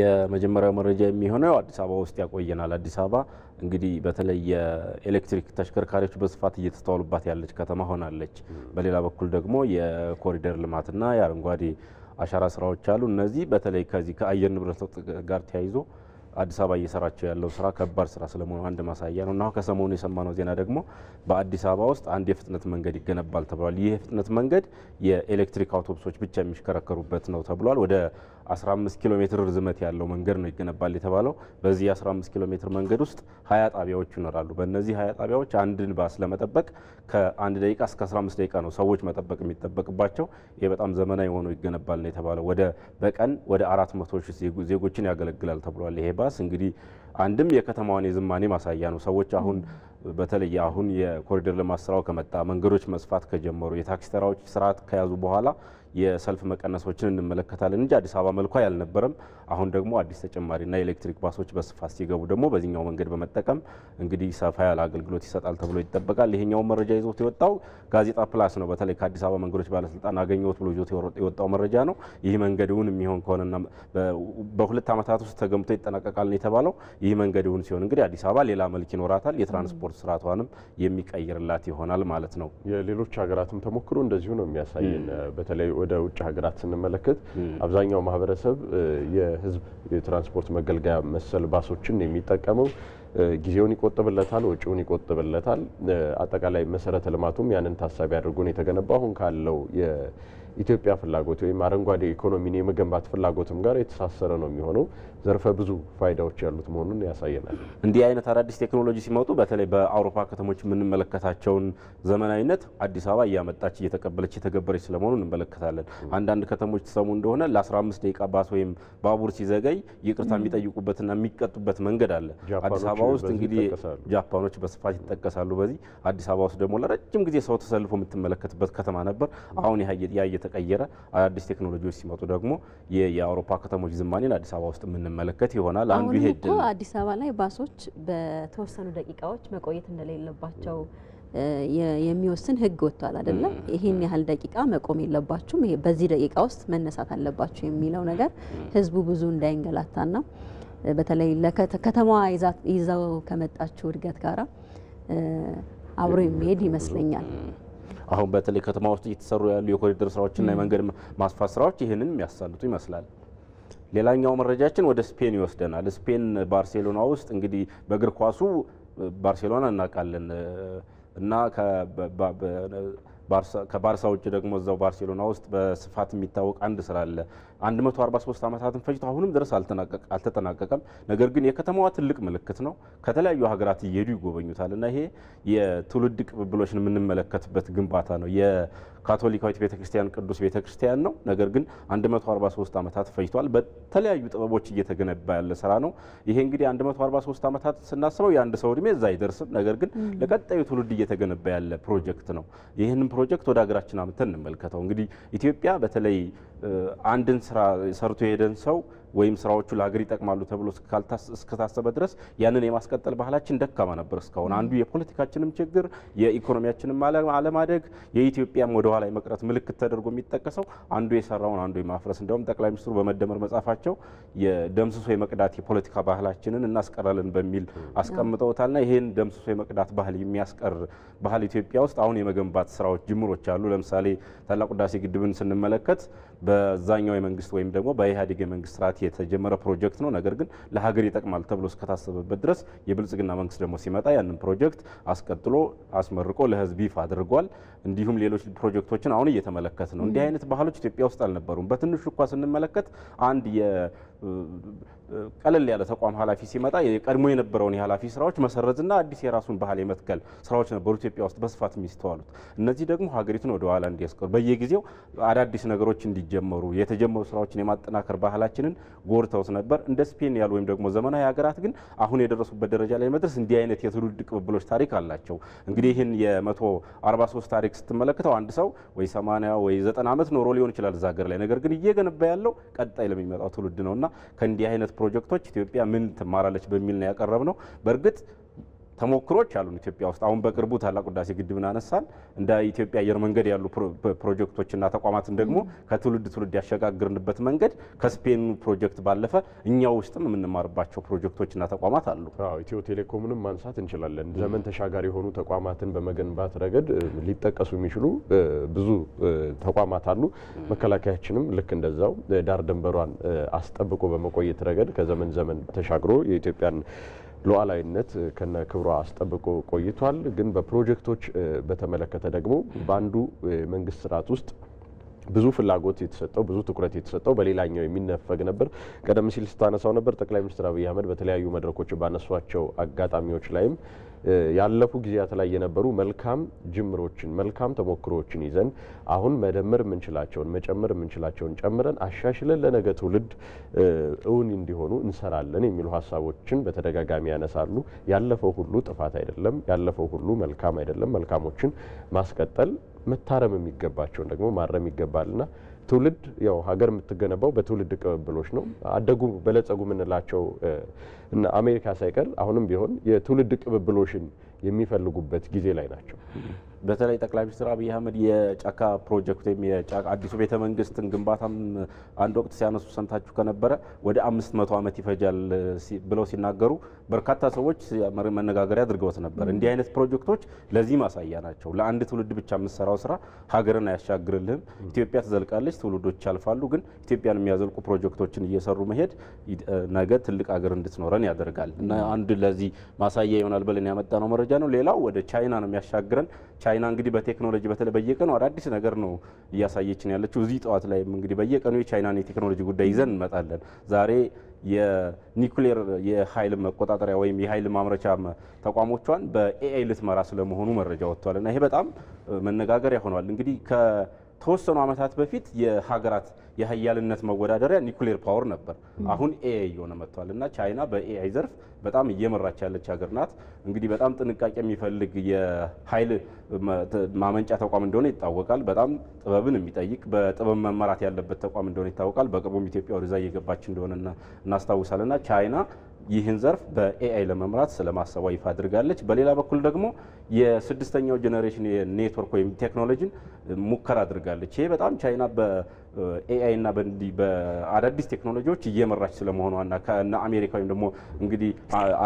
የመጀመሪያው መረጃ የሚሆነው አዲስ አበባ ውስጥ ያቆየናል። አዲስ አበባ እንግዲህ በተለይ የኤሌክትሪክ ተሽከርካሪዎች በስፋት እየተስተዋሉባት ያለች ከተማ ሆናለች። በሌላ በኩል ደግሞ የኮሪደር ልማትና የአረንጓዴ አሻራ ስራዎች አሉ። እነዚህ በተለይ ከዚህ ከአየር ንብረት ጋር ተያይዞ አዲስ አበባ እየሰራቸው ያለው ስራ ከባድ ስራ ስለመሆኑ አንድ ማሳያ ነው እና ከሰሞኑ የሰማነው ዜና ደግሞ በአዲስ አበባ ውስጥ አንድ የፍጥነት መንገድ ይገነባል ተብሏል። ይህ የፍጥነት መንገድ የኤሌክትሪክ አውቶቡሶች ብቻ የሚሽከረከሩበት ነው ተብሏል። ወደ 15 ኪሎ ሜትር ርዝመት ያለው መንገድ ነው ይገነባል የተባለው። በዚህ 15 ኪሎ ሜትር መንገድ ውስጥ ሀያ ጣቢያዎች ይኖራሉ። በእነዚህ ሀያ ጣቢያዎች አንድን ባስ ለመጠበቅ ከአንድ ደቂቃ እስከ 15 ደቂቃ ነው ሰዎች መጠበቅ የሚጠበቅባቸው። ይህ በጣም ዘመናዊ ሆኖ ይገነባል ነው የተባለው። ወደ በቀን ወደ 400 ሺህ ዜጎችን ያገለግላል ተብሏል። ይሄ ባስ እንግዲህ አንድም የከተማዋን የዝማኔ ማሳያ ነው። ሰዎች አሁን በተለይ አሁን የኮሪደር ልማት ስራው ከመጣ መንገዶች መስፋት ከጀመሩ የታክሲ ተራዎች ስርዓት ከያዙ በኋላ የሰልፍ መቀነሶችን እንመለከታለን እንጂ አዲስ አበባ መልኳ ያልነበረም አሁን ደግሞ አዲስ ተጨማሪና የኤሌክትሪክ ባሶች በስፋት ሲገቡ ደግሞ በዚህኛው መንገድ በመጠቀም እንግዲህ ሰፋ ያለ አገልግሎት ይሰጣል ተብሎ ይጠበቃል። ይሄኛውን መረጃ ይዞት የወጣው ጋዜጣ ፕላስ ነው። በተለይ ከአዲስ አበባ መንገዶች ባለስልጣን አገኘሁት ብሎ ይዞት የወጣው መረጃ ነው። ይህ መንገድ እውን የሚሆን ከሆነና በሁለት ዓመታት ውስጥ ተገምቶ ይጠናቀቃል ነው የተባለው። ይህ መንገድ ይሁን ሲሆን እንግዲህ አዲስ አበባ ሌላ መልክ ይኖራታል። የትራንስፖርት ስርዓቷንም የሚቀይርላት ይሆናል ማለት ነው። የሌሎች ሀገራትም ተሞክሮ እንደዚሁ ነው የሚያሳየን። በተለይ ወደ ውጭ ሀገራት ስንመለከት አብዛኛው ማህበረሰብ የህዝብ የትራንስፖርት መገልገያ መሰል ባሶችን የሚጠቀመው ጊዜውን ይቆጥብለታል፣ ወጪውን ይቆጥብለታል። አጠቃላይ መሰረተ ልማቱም ያንን ታሳቢ አድርጎን የተገነባ አሁን ካለው ኢትዮጵያ ፍላጎት ወይም አረንጓዴ ኢኮኖሚን የመገንባት ፍላጎትም ጋር የተሳሰረ ነው የሚሆነው። ዘርፈ ብዙ ፋይዳዎች ያሉት መሆኑን ያሳየናል። እንዲህ አይነት አዳዲስ ቴክኖሎጂ ሲመጡ በተለይ በአውሮፓ ከተሞች የምንመለከታቸውን ዘመናዊነት አዲስ አበባ እያመጣች እየተቀበለች የተገበረች ስለመሆኑ እንመለከታለን። አንዳንድ ከተሞች ሰሙ እንደሆነ ለ15 ደቂቃ ባስ ወይም ባቡር ሲዘገይ ይቅርታ የሚጠይቁበትና የሚቀጡበት መንገድ አለ። አዲስ አበባ ውስጥ እንግዲህ ጃፓኖች በስፋት ይጠቀሳሉ። በዚህ አዲስ አበባ ውስጥ ደግሞ ለረጅም ጊዜ ሰው ተሰልፎ የምትመለከትበት ከተማ ነበር። አሁን ያየ እየተቀየረ አዳዲስ ቴክኖሎጂዎች ሲመጡ ደግሞ የአውሮፓ ከተሞች ዝማኔን አዲስ አበባ ውስጥ የምንመለከት ይሆናል። አንዱ ይሄ አዲስ አበባ ላይ ባሶች በተወሰኑ ደቂቃዎች መቆየት እንደሌለባቸው የሚወስን ህግ ወጥቷል አይደለም? ይህን ያህል ደቂቃ መቆም የለባችሁም፣ በዚህ ደቂቃ ውስጥ መነሳት አለባችሁ የሚለው ነገር ህዝቡ ብዙ እንዳይንገላታና በተለይ ከተማዋ ይዘው ከመጣችው እድገት ጋራ አብሮ የሚሄድ ይመስለኛል። አሁን በተለይ ከተማ ውስጥ እየተሰሩ ያሉ የኮሪደር ስራዎችና የመንገድ ማስፋት ስራዎች ይህንን የሚያሳልጡ ይመስላል። ሌላኛው መረጃችን ወደ ስፔን ይወስደናል። ስፔን ባርሴሎና ውስጥ እንግዲህ በእግር ኳሱ ባርሴሎና እናውቃለን እና ከባርሳ ውጭ ደግሞ እዛው ባርሴሎና ውስጥ በስፋት የሚታወቅ አንድ ስራ አለ። 143 ዓመታትን ፈጅቶ አሁንም ድረስ አልተጠናቀቀም። ነገር ግን የከተማዋ ትልቅ ምልክት ነው። ከተለያዩ ሀገራት እየሄዱ ይጎበኙታል እና ይሄ የትውልድ ቅብብሎችን የምንመለከትበት ግንባታ ነው። ካቶሊካዊት ቤተክርስቲያን ቅዱስ ቤተክርስቲያን ነው። ነገር ግን 143 ዓመታት ፈጅቷል። በተለያዩ ጥበቦች እየተገነባ ያለ ስራ ነው። ይሄ እንግዲህ 143 ዓመታት ስናስበው የአንድ ሰው እድሜ እዛ አይደርስም። ነገር ግን ለቀጣዩ ትውልድ እየተገነባ ያለ ፕሮጀክት ነው። ይህንን ፕሮጀክት ወደ ሀገራችን አምተን እንመልከተው። እንግዲህ ኢትዮጵያ በተለይ አንድን ስራ ሰርቶ የሄደን ሰው ወይም ስራዎቹ ለሀገር ይጠቅማሉ ተብሎ እስከታሰበ ድረስ ያንን የማስቀጠል ባህላችን ደካማ ነበር። እስካሁን አንዱ የፖለቲካችንም ችግር የኢኮኖሚያችንም አለማደግ የኢትዮጵያም ወደኋላ የመቅረት ምልክት ተደርጎ የሚጠቀሰው አንዱ የሰራውን አንዱ የማፍረስ እንዲሁም ጠቅላይ ሚኒስትሩ በመደመር መጽሐፋቸው የደምስሶ የመቅዳት የፖለቲካ ባህላችንን እናስቀራለን በሚል አስቀምጠውታልና ይህን ደምስሶ የመቅዳት ባህል የሚያስቀር ባህል ኢትዮጵያ ውስጥ አሁን የመገንባት ስራዎች ጅምሮች አሉ። ለምሳሌ ታላቁ ህዳሴ ግድብን ስንመለከት በዛኛው የመንግስት ወይም ደግሞ በኢህአዴግ የመንግስት ስርዓት የተጀመረ ፕሮጀክት ነው። ነገር ግን ለሀገር ይጠቅማል ተብሎ እስከታሰበበት ድረስ የብልጽግና መንግስት ደግሞ ሲመጣ ያንን ፕሮጀክት አስቀጥሎ አስመርቆ ለህዝብ ይፋ አድርጓል። እንዲሁም ሌሎች ፕሮጀክቶችን አሁን እየተመለከት ነው። እንዲህ አይነት ባህሎች ኢትዮጵያ ውስጥ አልነበሩም። በትንሹ እንኳ ስንመለከት አንድ ቀለል ያለ ተቋም ኃላፊ ሲመጣ የቀድሞ የነበረውን የኃላፊ ስራዎች መሰረዝና አዲስ የራሱን ባህል የመትከል ስራዎች ነበሩ ኢትዮጵያ ውስጥ በስፋት የሚስተዋሉት። እነዚህ ደግሞ ሀገሪቱን ወደኋላ እንዲያስቀሩ በየጊዜው አዳዲስ ነገሮች እንዲ ሲጀመሩ የተጀመሩ ስራዎችን የማጠናከር ባህላችንን ጎርተውት ነበር። እንደ ስፔን ያሉ ወይም ደግሞ ዘመናዊ ሀገራት ግን አሁን የደረሱበት ደረጃ ላይ መድረስ እንዲህ አይነት የትውልድ ቅብብሎች ታሪክ አላቸው። እንግዲህ ይህን የ143 ታሪክ ስትመለከተው አንድ ሰው ወይ 80 ወይ 90 ዓመት ኖሮ ሊሆን ይችላል እዛ ሀገር ላይ ነገር ግን እየገነባ ያለው ቀጣይ ለሚመጣው ትውልድ እና ከእንዲህ አይነት ፕሮጀክቶች ኢትዮጵያ ምን ትማራለች በሚል ነው ያቀረብ ነው በእርግጥ ተሞክሮች አሉን ኢትዮጵያ ውስጥ። አሁን በቅርቡ ታላቁ ህዳሴ ግድብን አነሳን። እንደ ኢትዮጵያ አየር መንገድ ያሉ ፕሮጀክቶችና ተቋማትን ደግሞ ከትውልድ ትውልድ ያሸጋግርንበት መንገድ ከስፔኑ ፕሮጀክት ባለፈ እኛ ውስጥም የምንማርባቸው ፕሮጀክቶችና ተቋማት አሉ። ኢትዮ ቴሌኮምንም ማንሳት እንችላለን። ዘመን ተሻጋሪ የሆኑ ተቋማትን በመገንባት ረገድ ሊጠቀሱ የሚችሉ ብዙ ተቋማት አሉ። መከላከያችንም ልክ እንደዛው ዳር ድንበሯን አስጠብቆ በመቆየት ረገድ ከዘመን ዘመን ተሻግሮ የኢትዮጵያን ሉዓላዊነት ከነ ክብሯ አስጠብቆ ቆይቷል። ግን በፕሮጀክቶች በተመለከተ ደግሞ በአንዱ መንግስት ስርዓት ውስጥ ብዙ ፍላጎት የተሰጠው ብዙ ትኩረት የተሰጠው በሌላኛው የሚነፈግ ነበር። ቀደም ሲል ስታነሳው ነበር ጠቅላይ ሚኒስትር አብይ አህመድ በተለያዩ መድረኮች ባነሷቸው አጋጣሚዎች ላይም ያለፉ ጊዜያት ላይ የነበሩ መልካም ጅምሮችን መልካም ተሞክሮዎችን ይዘን አሁን መደመር የምንችላቸውን መጨመር የምንችላቸውን ጨምረን አሻሽለን ለነገ ትውልድ እውን እንዲሆኑ እንሰራለን የሚሉ ሀሳቦችን በተደጋጋሚ ያነሳሉ። ያለፈው ሁሉ ጥፋት አይደለም፣ ያለፈው ሁሉ መልካም አይደለም። መልካሞችን ማስቀጠል መታረም የሚገባቸውን ደግሞ ማረም ይገባልና ትውልድ ያው ሀገር የምትገነባው በትውልድ ቅብብሎች ነው። አደጉ በለጸጉ የምንላቸው እና አሜሪካ ሳይቀር አሁንም ቢሆን የትውልድ ቅብብሎሽን የሚፈልጉበት ጊዜ ላይ ናቸው። በተለይ ጠቅላይ ሚኒስትር አብይ አህመድ የጫካ ፕሮጀክት ወይም አዲሱ ቤተ መንግስትን ግንባታም አንድ ወቅት ሲያነሱ ሰምታችሁ ከነበረ ወደ አምስት መቶ ዓመት ይፈጃል ብለው ሲናገሩ በርካታ ሰዎች መነጋገሪያ አድርገውት ነበር። እንዲህ አይነት ፕሮጀክቶች ለዚህ ማሳያ ናቸው። ለአንድ ትውልድ ብቻ የምትሰራው ስራ ሀገርን አያሻግርልህም። ኢትዮጵያ ትዘልቃለች፣ ትውልዶች ያልፋሉ። ግን ኢትዮጵያን የሚያዘልቁ ፕሮጀክቶችን እየሰሩ መሄድ ነገ ትልቅ ሀገር እንድትኖረን ያደርጋል እና አንድ ለዚህ ማሳያ ይሆናል ብለን ያመጣነው መረጃ ነው። ሌላው ወደ ቻይና ነው የሚያሻግረን። ቻይና እንግዲህ በቴክኖሎጂ በተለይ በየቀኑ አዳዲስ ነገር ነው እያሳየችን ያለችው። እዚህ ጠዋት ላይም እንግዲህ በየቀኑ የቻይናን የቴክኖሎጂ ጉዳይ ይዘን እንመጣለን። ዛሬ የኒኩሌር የኃይል መቆጣጠሪያ ወይም የኃይል ማምረቻ ተቋሞቿን በኤአይ ልትመራ ስለመሆኑ መረጃ ወጥቷል እና ይሄ በጣም መነጋገሪያ ሆኗል እንግዲህ ከተወሰኑ ዓመታት በፊት የሀገራት የሀያልነት መወዳደሪያ ኒኩሌር ፓወር ነበር። አሁን ኤአይ እየሆነ መጥቷል እና ቻይና በኤአይ ዘርፍ በጣም እየመራች ያለች ሀገር ናት። እንግዲህ በጣም ጥንቃቄ የሚፈልግ የኃይል ማመንጫ ተቋም እንደሆነ ይታወቃል። በጣም ጥበብን የሚጠይቅ በጥበብ መመራት ያለበት ተቋም እንደሆነ ይታወቃል። በቅርቡም ኢትዮጵያ ወደዛ እየገባች እንደሆነ ና ቻይና ይህን ዘርፍ በኤአይ ለመምራት ስለማሰቧ ይፋ አድርጋለች። በሌላ በኩል ደግሞ የስድስተኛው ጄኔሬሽን የኔትወርክ ወይም ቴክኖሎጂን ሙከራ አድርጋለች። ይሄ በጣም ቻይና ኤአይ እና በአዳዲስ ቴክኖሎጂዎች እየመራች ስለመሆኗና ከእነ አሜሪካ ወይም ደግሞ እንግዲህ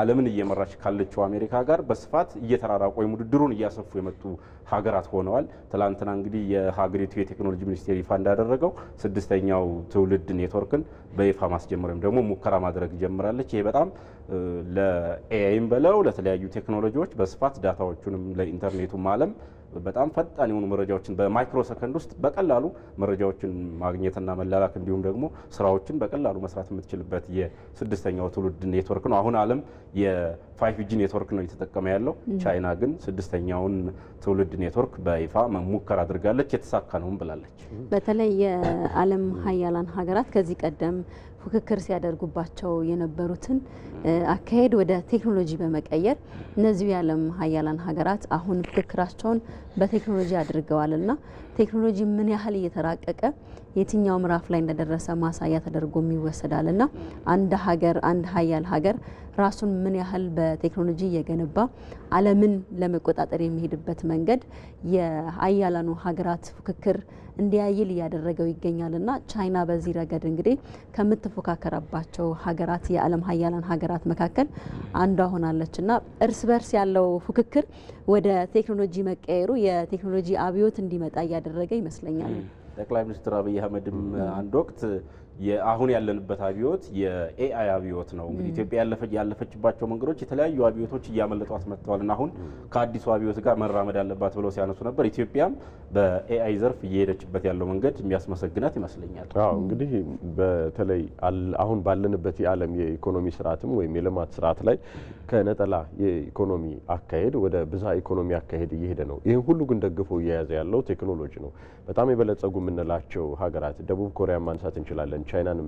ዓለምን እየመራች ካለችው አሜሪካ ጋር በስፋት እየተራራቁ ወይም ውድድሩን እያሰፉ የመጡ ሀገራት ሆነዋል። ትላንትና እንግዲህ የሀገሪቱ የቴክኖሎጂ ሚኒስቴር ይፋ እንዳደረገው ስድስተኛው ትውልድ ኔትወርክን በይፋ ማስጀመር ወይም ደግሞ ሙከራ ማድረግ ጀምራለች። ይሄ በጣም ለኤአይም በለው ለተለያዩ ቴክኖሎጂዎች በስፋት ዳታዎቹንም ለኢንተርኔቱም ዓለም በጣም ፈጣን የሆኑ መረጃዎችን በማይክሮ ሰከንድ ውስጥ በቀላሉ መረጃዎችን ማግኘትና መላላክ እንዲሁም ደግሞ ስራዎችን በቀላሉ መስራት የምትችልበት የስድስተኛው ትውልድ ኔትወርክ ነው። አሁን ዓለም የፋይቭ ጂ ኔትወርክ ነው እየተጠቀመ ያለው። ቻይና ግን ስድስተኛውን ትውልድ ኔትወርክ በይፋ መሞከር አድርጋለች፣ የተሳካ ነውም ብላለች። በተለይ የዓለም ሀያላን ሀገራት ከዚህ ቀደም ፉክክር ሲያደርጉባቸው የነበሩትን አካሄድ ወደ ቴክኖሎጂ በመቀየር እነዚሁ የዓለም ሀያላን ሀገራት አሁን ፉክክራቸውን በቴክኖሎጂ አድርገዋልና ቴክኖሎጂ ምን ያህል እየተራቀቀ የትኛው ምዕራፍ ላይ እንደደረሰ ማሳያ ተደርጎም ይወሰዳል እና አንድ ሀገር አንድ ሀያል ሀገር ራሱን ምን ያህል በቴክኖሎጂ እየገነባ ዓለምን ለመቆጣጠር የሚሄድበት መንገድ የሀያላኑ ሀገራት ፉክክር እንዲያይል እያደረገው ይገኛል እና ቻይና በዚህ ረገድ እንግዲህ ከምትፎካከራባቸው ሀገራት የዓለም ሀያላን ሀገራት መካከል አንዷ ሆናለች እና እርስ በርስ ያለው ፉክክር ወደ ቴክኖሎጂ መቀየሩ የቴክኖሎጂ አብዮት እንዲመጣ እያደረገ ይመስለኛል። ጠቅላይ ሚኒስትር አብይ አህመድም አንድ ወቅት አሁን ያለንበት አብዮት የኤአይ አብዮት ነው። እንግዲህ ኢትዮጵያ ያለፈችባቸው መንገዶች የተለያዩ አብዮቶች እያመለጧት መጥተዋል እና አሁን ከአዲሱ አብዮት ጋር መራመድ አለባት ብለው ሲያነሱ ነበር። ኢትዮጵያም በኤአይ ዘርፍ እየሄደችበት ያለው መንገድ የሚያስመሰግናት ይመስለኛል። አዎ እንግዲህ በተለይ አሁን ባለንበት የዓለም የኢኮኖሚ ስርዓትም ወይም የልማት ስርዓት ላይ ከነጠላ የኢኮኖሚ አካሄድ ወደ ብዝሃ ኢኮኖሚ አካሄድ እየሄደ ነው። ይህን ሁሉ ግን ደግፎ እየያዘ ያለው ቴክኖሎጂ ነው። በጣም የበለጸጉ የምንላቸው ሀገራት ደቡብ ኮሪያ ማንሳት እንችላለን ቻይናን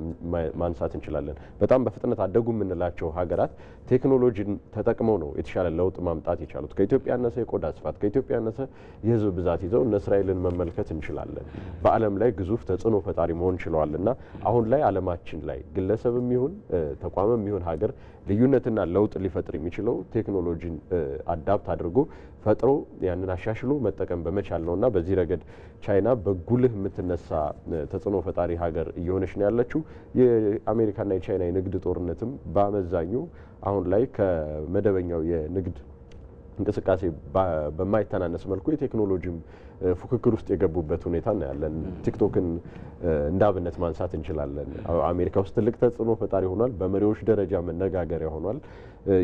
ማንሳት እንችላለን። በጣም በፍጥነት አደጉ የምንላቸው ሀገራት ቴክኖሎጂን ተጠቅመው ነው የተሻለ ለውጥ ማምጣት የቻሉት። ከኢትዮጵያ ያነሰ የቆዳ ስፋት፣ ከኢትዮጵያ ያነሰ የህዝብ ብዛት ይዘው እነ እስራኤልን መመልከት እንችላለን። በዓለም ላይ ግዙፍ ተጽዕኖ ፈጣሪ መሆን ችለዋል እና አሁን ላይ ዓለማችን ላይ ግለሰብም ይሁን ተቋምም ይሁን ሀገር ልዩነትና ለውጥ ሊፈጥር የሚችለው ቴክኖሎጂን አዳፕት አድርጎ ፈጥሮ ያንን አሻሽሎ መጠቀም በመቻል እና በዚህ ረገድ ቻይና በጉልህ የምትነሳ ተጽዕኖ ፈጣሪ ሀገር እየሆነች ነው ያለችው። የአሜሪካና የቻይና የንግድ ጦርነትም በአመዛኙ አሁን ላይ ከመደበኛው የንግድ እንቅስቃሴ በማይተናነስ መልኩ የቴክኖሎጂም ፉክክር ውስጥ የገቡበት ሁኔታ እናያለን። ቲክቶክን እንደ አብነት ማንሳት እንችላለን። አሜሪካ ውስጥ ትልቅ ተጽዕኖ ፈጣሪ ሆኗል። በመሪዎች ደረጃ መነጋገሪያ ሆኗል።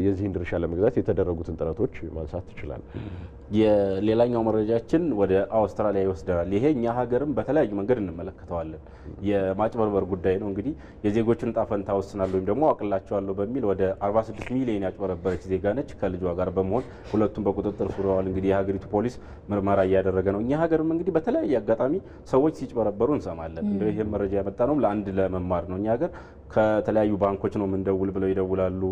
የዚህን ድርሻ ለመግዛት የተደረጉትን ጥረቶች ማንሳት ይችላል። የሌላኛው መረጃችን ወደ አውስትራሊያ ይወስደናል። ይሄ እኛ ሀገርም በተለያዩ መንገድ እንመለከተዋለን። የማጭበርበር ጉዳይ ነው እንግዲህ የዜጎችን ጣፈንታ ፈንታ ወስናለሁ ወይም ደግሞ አቅላቸዋለሁ በሚል ወደ 46 ሚሊዮን ያጭበረበረች ዜጋ ነች። ከልጇ ጋር በመሆን ሁለቱም በቁጥጥር ስር ውለዋል። እንግዲህ የሀገሪቱ ፖሊስ ምርመራ እያደረገ ነው። እኛ ሀገርም እንግዲህ በተለያየ አጋጣሚ ሰዎች ሲጭበረበሩ እንሰማለን። ይህም መረጃ የመጣ ነው ለአንድ ለመማር ነው። እኛ ሀገር ከተለያዩ ባንኮች ነው ምንደውል ብለው ይደውላሉ።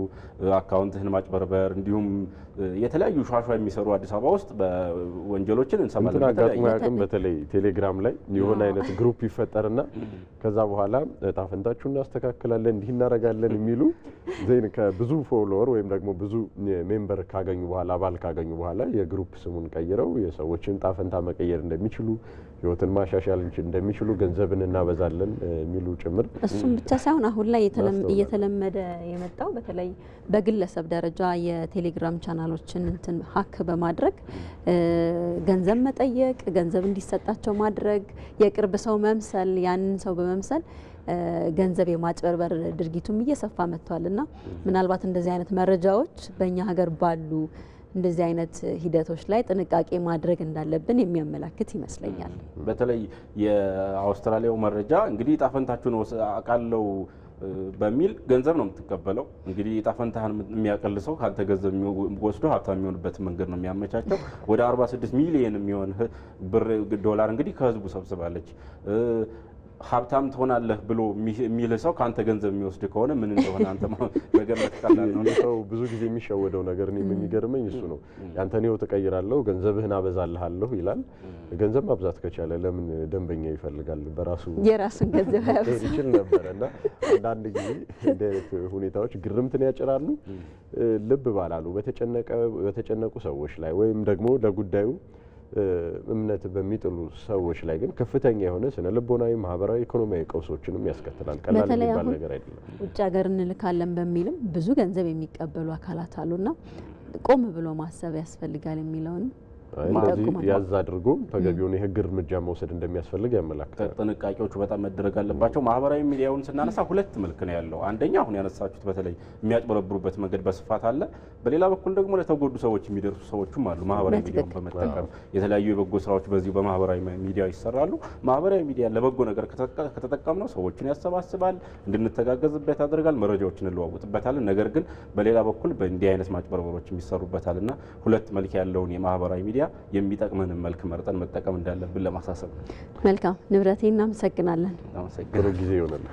አካውንትህን ማጭበርበር፣ እንዲሁም የተለያዩ ሿሿ የሚሰሩ አዲስ አበባ ውስጥ ወንጀሎችን እንሰማለን። አጋጥሞ በተለይ ቴሌግራም ላይ የሆነ አይነት ግሩፕ ይፈጠርና ከዛ በኋላ ጣፈንታችሁ እናስተካክላለን እንዲህ እናደርጋለን የሚሉ ዜን ከብዙ ፎሎወር ወይም ደግሞ ብዙ ሜምበር ካገኙ በኋላ አባል ካገኙ በኋላ የግሩፕ ስሙን ቀይረው የሰዎችን ጣፈንታ መቀየር እንደሚችሉ ህይወትን ማሻሻል እንደሚችሉ ገንዘብን እናበዛለን የሚሉ ጭምር። እሱም ብቻ ሳይሆን አሁን ላይ እየተለመደ የመጣው በተለይ በግለሰብ ደረጃ የቴሌግራም ቻናሎችን እንትን ሀክ በማድረግ ገንዘብ መጠየቅ፣ ገንዘብ እንዲሰጣቸው ማድረግ፣ የቅርብ ሰው መምሰል፣ ያንን ሰው በመምሰል ገንዘብ የማጭበርበር ድርጊቱም እየሰፋ መጥቷል እና ምናልባት እንደዚህ አይነት መረጃዎች በእኛ ሀገር ባሉ እንደዚህ አይነት ሂደቶች ላይ ጥንቃቄ ማድረግ እንዳለብን የሚያመላክት ይመስለኛል። በተለይ የአውስትራሊያው መረጃ እንግዲህ ጣፈንታችሁን አቃለው በሚል ገንዘብ ነው የምትቀበለው። እንግዲህ ጣፈንታህን የሚያቀል ሰው ከአንተ ገንዘብ ወስዶ ሀብታም የሚሆንበት መንገድ ነው የሚያመቻቸው። ወደ 46 ሚሊየን የሚሆን ብር ዶላር እንግዲህ ከህዝቡ ሰብስባለች። ሀብታም ትሆናለህ ብሎ የሚል ሰው ከአንተ ገንዘብ የሚወስድ ከሆነ ምን እንደሆነ አንተ መገመት ቀላል ነው። ሰው ብዙ ጊዜ የሚሸወደው ነገር እኔም የሚገርመኝ እሱ ነው። ያንተን ህይወት እቀይራለሁ፣ ገንዘብህን አበዛልሃለሁ ይላል። ገንዘብ ማብዛት ከቻለ ለምን ደንበኛ ይፈልጋል? በራሱ የራሱን ገንዘብ ያብዛል ይችል ነበረ እና አንዳንድ ጊዜ እንደ አይነት ሁኔታዎች ግርምትን ያጭራሉ። ልብ ባላሉ በተጨነቁ ሰዎች ላይ ወይም ደግሞ ለጉዳዩ እምነት በሚጥሉ ሰዎች ላይ ግን ከፍተኛ የሆነ ስነ ልቦናዊ፣ ማህበራዊ፣ ኢኮኖሚያዊ ቀውሶችንም ያስከትላል። ቀላል የሚባል ነገር አይደለም። ውጭ ሀገር እንልካለን በሚልም ብዙ ገንዘብ የሚቀበሉ አካላት አሉና ቆም ብሎ ማሰብ ያስፈልጋል የሚለውንም ያዝ አድርጎ ተገቢውን የህግ እርምጃ መውሰድ እንደሚያስፈልግ ያመላክታል። ጥንቃቄዎቹ በጣም መደረግ አለባቸው። ማህበራዊ ሚዲያውን ስናነሳ ሁለት መልክ ነው ያለው። አንደኛ አሁን ያነሳችሁት በተለይ የሚያጭበረብሩበት መንገድ በስፋት አለ። በሌላ በኩል ደግሞ ለተጎዱ ሰዎች የሚደርሱ ሰዎችም አሉ። ማህበራዊ ሚዲያውን በመጠቀም የተለያዩ የበጎ ስራዎች በዚሁ በማህበራዊ ሚዲያ ይሰራሉ። ማህበራዊ ሚዲያ ለበጎ ነገር ከተጠቀም ነው ሰዎችን ያሰባስባል፣ እንድንተጋገዝበት ያደርጋል፣ መረጃዎችን እንለዋወጥበታለን። ነገር ግን በሌላ በኩል በእንዲህ አይነት ማጭበርበሮች የሚሰሩበታል እና ሁለት መልክ ያለውን የማህበራዊ ሚዲያ የሚጠቅመንን መልክ መርጠን መጠቀም እንዳለብን ለማሳሰብ። መልካም ንብረቴ፣ እናመሰግናለን። ጊዜ ይሆናል።